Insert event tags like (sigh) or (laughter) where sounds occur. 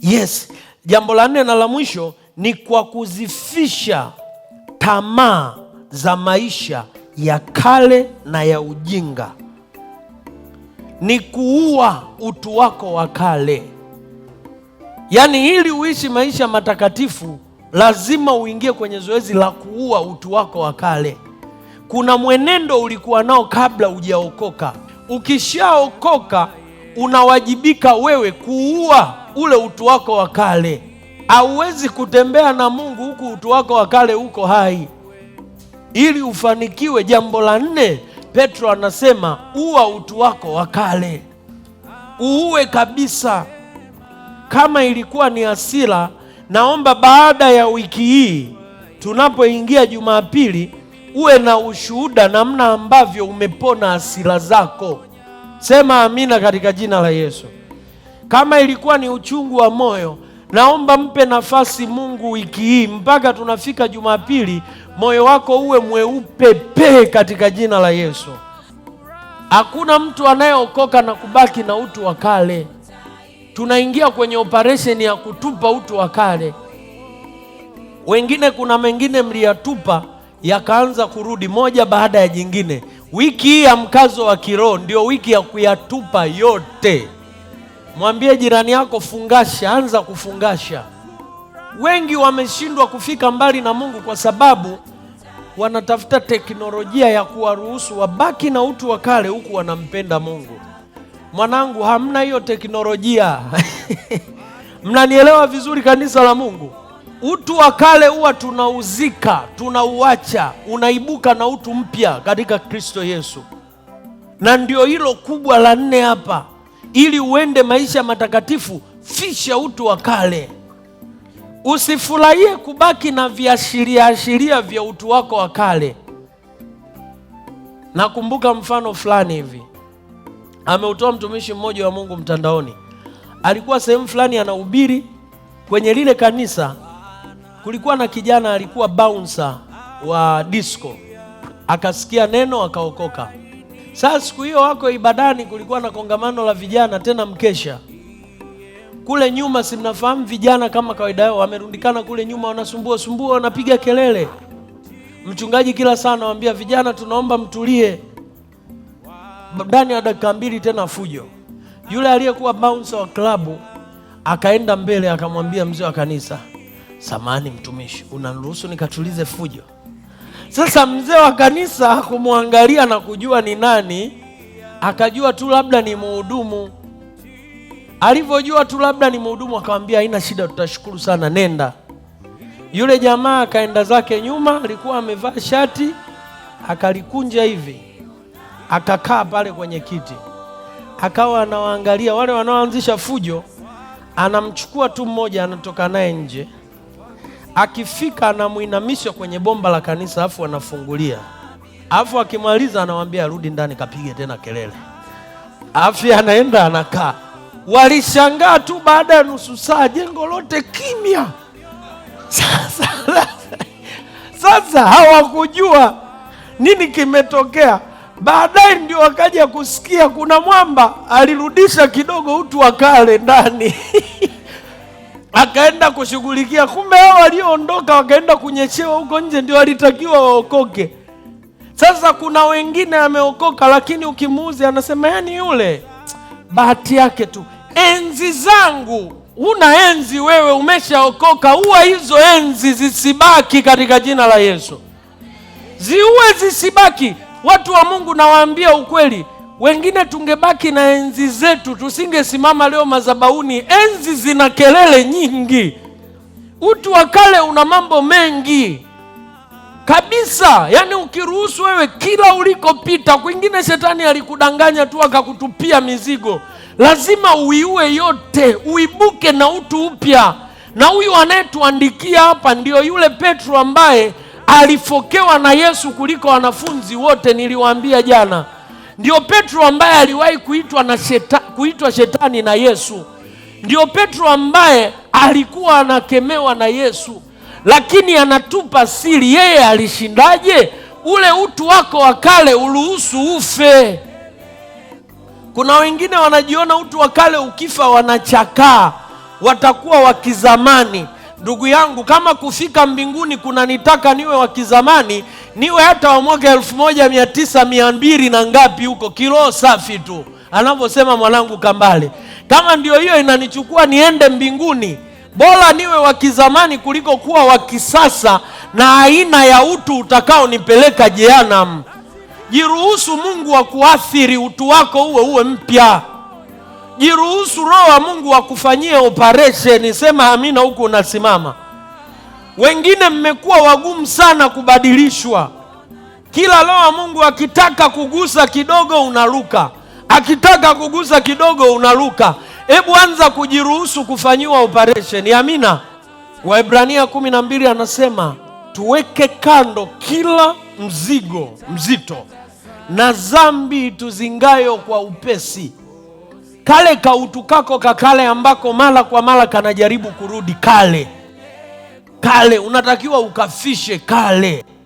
Yes, jambo la nne na la mwisho ni kwa kuzifisha tamaa za maisha ya kale na ya ujinga, ni kuua utu wako wa kale. Yaani, ili uishi maisha matakatifu, lazima uingie kwenye zoezi la kuua utu wako wa kale. Kuna mwenendo ulikuwa nao kabla hujaokoka. Ukishaokoka, unawajibika wewe kuua ule utu wako wa kale. Hauwezi kutembea na Mungu huku utu wako wa kale uko hai. Ili ufanikiwe, jambo la nne, Petro anasema uwa utu wako wa kale, uue kabisa. Kama ilikuwa ni hasira, naomba baada ya wiki hii tunapoingia Jumapili uwe na ushuhuda namna ambavyo umepona hasira zako. Sema amina katika jina la Yesu. Kama ilikuwa ni uchungu wa moyo, naomba mpe nafasi Mungu wiki hii mpaka tunafika Jumapili, moyo wako uwe mweupe pe katika jina la Yesu. Hakuna mtu anayeokoka na kubaki na utu wa kale. Tunaingia kwenye operesheni ya kutupa utu wa kale. Wengine kuna mengine mliyatupa yakaanza kurudi moja baada ya jingine. Wiki hii ya mkazo wa kiroho ndio wiki ya kuyatupa yote. Mwambie jirani yako, fungasha, anza kufungasha. Wengi wameshindwa kufika mbali na Mungu kwa sababu wanatafuta teknolojia ya kuwaruhusu wabaki na utu wa kale, huku wanampenda Mungu. Mwanangu, hamna hiyo teknolojia (laughs) mnanielewa vizuri, kanisa la Mungu? Utu wa kale huwa tunauzika, tunauacha, unaibuka na utu mpya katika Kristo Yesu, na ndio hilo kubwa la nne hapa ili uende maisha matakatifu, fisha utu wa kale. Usifurahie kubaki na viashiria ashiria vya utu wako wa kale. Nakumbuka mfano fulani hivi ameutoa mtumishi mmoja wa Mungu mtandaoni. Alikuwa sehemu fulani anahubiri kwenye lile kanisa, kulikuwa na kijana alikuwa bouncer wa disco, akasikia neno akaokoka. Sasa siku hiyo wako ibadani, kulikuwa na kongamano la vijana, tena mkesha kule nyuma. Si mnafahamu vijana kama kawaida yao wamerundikana kule nyuma, wanasumbua sumbua, wanapiga kelele. Mchungaji kila saa anawaambia vijana, tunaomba mtulie. Ndani ya dakika mbili tena fujo. Yule aliyekuwa bouncer wa klabu akaenda mbele, akamwambia mzee wa kanisa, samani mtumishi, unaniruhusu nikatulize fujo? Sasa mzee wa kanisa hakumwangalia na kujua ni nani, akajua tu labda ni mhudumu. Alivyojua tu labda ni mhudumu, akamwambia haina shida, tutashukuru sana, nenda. Yule jamaa akaenda zake nyuma, alikuwa amevaa shati akalikunja hivi, akakaa pale kwenye kiti, akawa anawaangalia wale wanaoanzisha fujo. Anamchukua tu mmoja, anatoka naye nje akifika anamwinamisha kwenye bomba la kanisa, afu anafungulia, afu akimaliza anawambia arudi ndani kapige tena kelele, afu anaenda anakaa. Walishangaa tu, baada ya nusu saa jengo lote kimya. Sasa, sasa hawakujua nini kimetokea. Baadaye ndio wakaja kusikia kuna mwamba alirudisha kidogo utu wa kale ndani (laughs) akaenda kushughulikia. Kumbe hao walioondoka wakaenda kunyechewa huko nje, ndio walitakiwa waokoke. Sasa kuna wengine ameokoka, lakini ukimuuzi anasema yani, yule bahati yake tu. Enzi zangu huna enzi wewe, umeshaokoka. Huwa hizo enzi zisibaki katika jina la Yesu, ziuwe zisibaki. Watu wa Mungu, nawaambia ukweli wengine tungebaki na enzi zetu, tusingesimama leo mazabauni. Enzi zina kelele nyingi, utu wa kale una mambo mengi kabisa, yaani ukiruhusu wewe, kila ulikopita kwingine shetani alikudanganya tu akakutupia mizigo. Lazima uiue yote, uibuke na utu upya. Na huyu anayetuandikia hapa ndio yule Petro ambaye alifokewa na Yesu kuliko wanafunzi wote, niliwaambia jana. Ndio Petro ambaye aliwahi kuitwa na sheta, kuitwa shetani na Yesu. Ndio Petro ambaye alikuwa anakemewa na Yesu, lakini anatupa siri, yeye alishindaje? Ule utu wako wa kale uruhusu ufe. Kuna wengine wanajiona utu wa kale ukifa wanachakaa, watakuwa wakizamani. Ndugu yangu, kama kufika mbinguni kunanitaka niwe wa kizamani, niwe hata wa mwaka elfu moja mia tisa mia mbili na ngapi huko, kiroho safi tu, anavyosema mwanangu Kambale. Kama ndio hiyo inanichukua niende mbinguni, bora niwe wa kizamani kuliko kuwa wa kisasa na aina ya utu utakaonipeleka jehanamu. Jiruhusu Mungu wa kuathiri utu wako, uwe uwe mpya jiruhusu Roho wa Mungu akufanyie operation. Sema amina huku unasimama. Wengine mmekuwa wagumu sana kubadilishwa. Kila Roho wa Mungu akitaka kugusa kidogo unaruka, akitaka kugusa kidogo unaruka. Hebu anza kujiruhusu kufanyiwa operation. Amina. Waebrania 12 anasema tuweke kando kila mzigo mzito na dhambi tuzingayo kwa upesi kale kautukako kakale ambako mara kwa mara kanajaribu kurudi kale kale, unatakiwa ukafishe kale.